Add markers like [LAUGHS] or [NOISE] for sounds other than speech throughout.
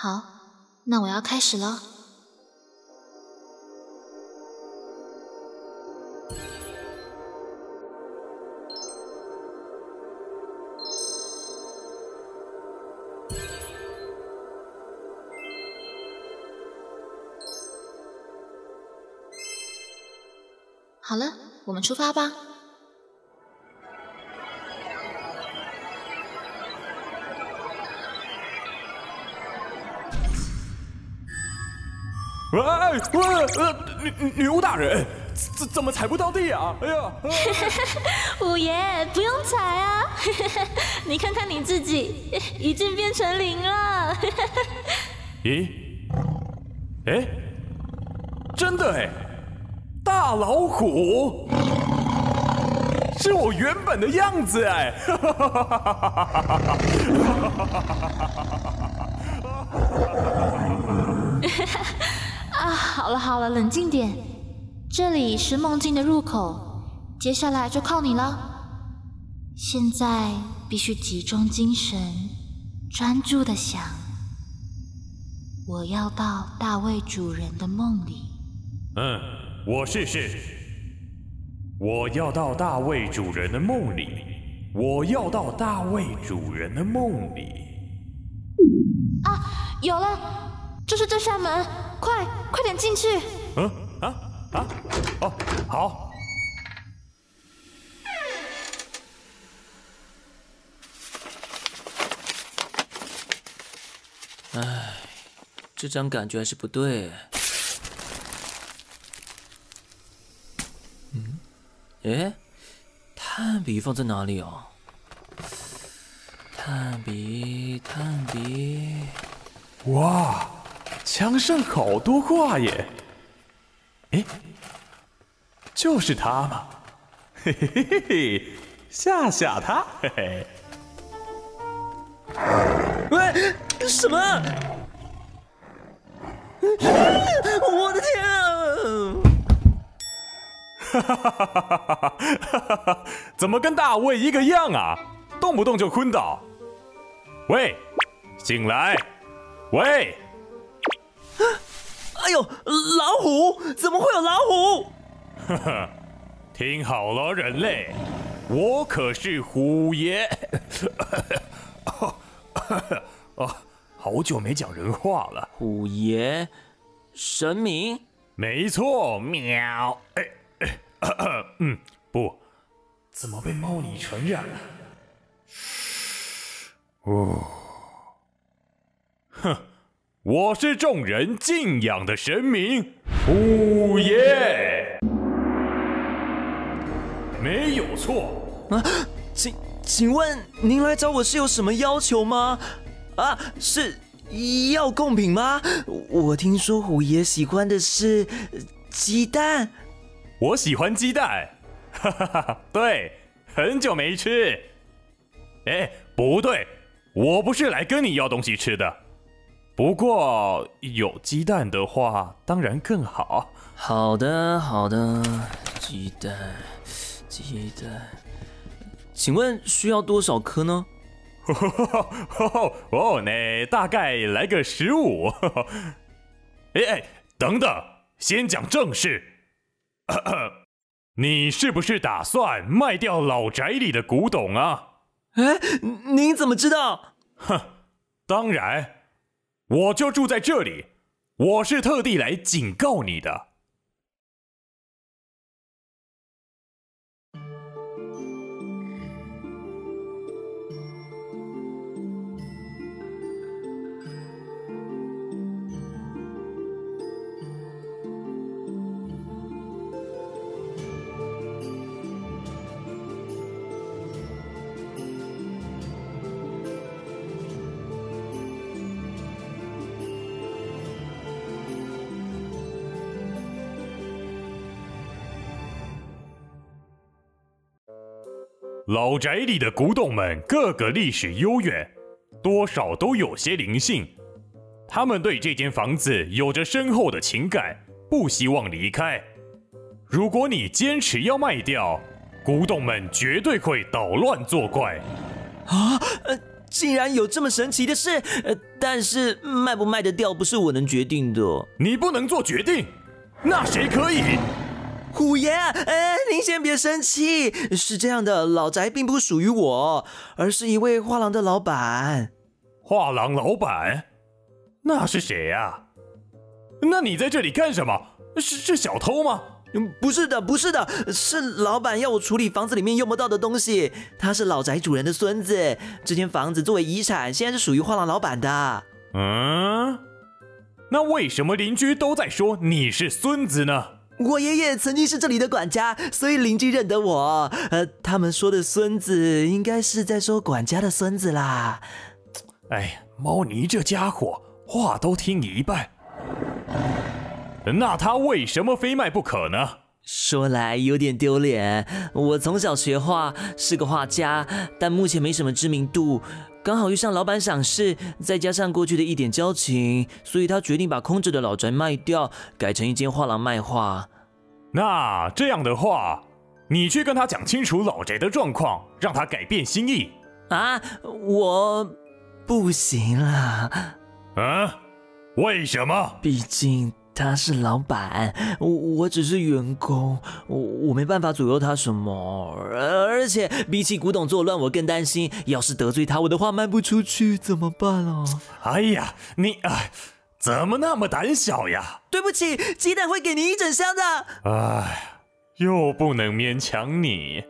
好，那我要開始了。好了，我們出發吧。哎喂，呃女，女巫大人，怎怎麼踩不到地啊？哎呀，虎、哎、爺 [LAUGHS] 不用踩啊， [LAUGHS] 你看看你自己，已經變成零了。咦？ [LAUGHS] 哎？真的誒？大老虎是我原本的樣子哎。 [LAUGHS] [LAUGHS] [LAUGHS] 啊，好了好了，冷靜點。這裡是夢境的入口，接下來就靠你了。現在必須集中精神，專注地想。我要到大衛主人的夢裡。嗯，我試試。我要到大衛主人的夢裡。我要到大衛主人的夢裡。啊，有了，就是這扇門。快，快點進去！嗯啊啊哦，好。唉，這張感覺還是不對。嗯？哎，炭筆放在哪裡啊？哦？炭筆，炭筆。哇！牆上好多畫耶！哎，就是他嘛！嘿嘿嘿嘿嘿，嚇嚇他！嘿嘿。喂，什麼？我的天啊！哈哈哈哈哈哈哈哈哈哈！怎麼跟大衛一個樣啊？動不動就昏倒。喂，醒來！喂。哎呦，老虎？怎麼會有老虎？哈哈，聽好了，人類，我可是虎爺，哈 [LAUGHS] 哈、哦，哦，好久沒講人話了。虎爺，神明？沒錯，喵。哎，哎，咳咳，嗯，不。怎麼被貓裡傳染了？哦，哼。我是眾人敬仰的神明，虎爺，沒有錯啊，請請問您來找我是有什麼要求嗎？啊，是要供品嗎？我，我聽說虎爺喜歡的是雞蛋，我喜歡雞蛋，哈哈哈哈，對，很久沒吃。哎，不對，我不是來跟你要東西吃的。不過有雞蛋的話，當然更好。好的，好的，雞蛋，雞蛋，請問需要多少顆呢？呵呵呵呵，哦，那大概來個十五。哎哎，等等，先講正事，咳咳。你是不是打算賣掉老宅裡的古董啊？哎，你怎麼知道？哼，當然。我就住在這裡，我是特地來警告你的。老宅裡的古董們個個歷史悠遠，多少都有些靈性。他們對這間房子有着深厚的情感，不希望離開。如果你堅持要賣掉，古董們絕對會搗亂作怪。啊，呃，竟然有這麼神奇的事！呃，但是賣不賣得掉不是我能決定的。你不能做決定，那誰可以？虎爺啊，哎，您先別生氣。是這樣的，老宅並不屬於我，而是一位畫廊的老闆。畫廊老闆？那是誰呀？那你在這裡幹什麼？是是小偷嗎？嗯，不是的，不是的，是老闆要我處理房子裡面用不到的東西。他是老宅主人的孫子，這間房子作為遺產，現在是屬於畫廊老闆的。嗯，那為什麼鄰居都在說你是孫子呢？我爺爺曾經是這裡的管家，所以鄰居認得我。呃，他們說的孫子，應該是在說管家的孫子啦。哎，貓尼這家伙話都聽一半，那他為什麼非賣不可呢？說來有點丟臉，我從小學畫，是個畫家，但目前沒什麼知名度。剛好遇上老闆賞識，再加上過去的一點交情，所以他決定把空着的老宅賣掉，改成一間畫廊賣畫。那這樣的話，你去跟他講清楚老宅的狀況，讓他改變心意。啊，我不行了。啊、嗯？為什麼？畢竟。他是老闆，我我只是員工，我我沒辦法左右他什麼。而且比起古董作亂，我更擔心，要是得罪他，我的畫賣不出去怎麼辦啊？哎呀，你哎、啊，怎麼那麼膽小呀？對不起，雞蛋會給你一整箱的。哎，又不能勉強你，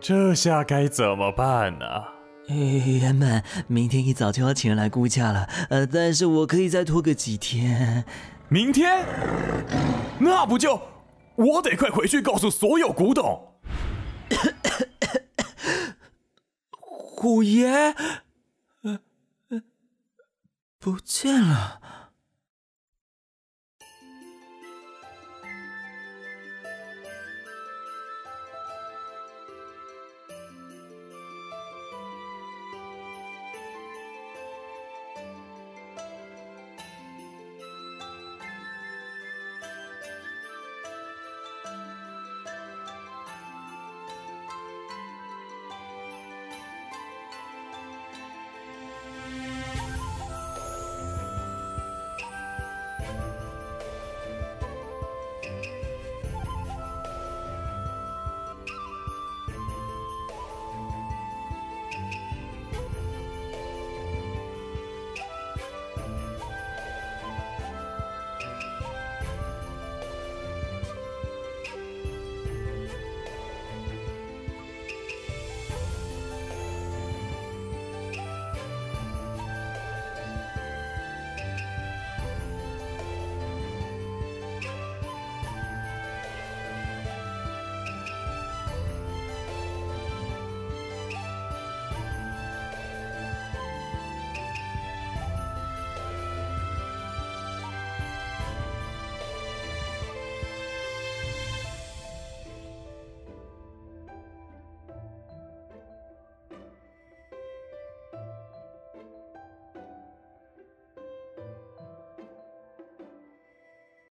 這下該怎麼辦呢、啊？嘿嘿，原本明天一早就要請人來估價了，呃，但是我可以再拖個幾天。明天？那不就我得快回去告訴所有古董， [COUGHS] 虎爺不見了。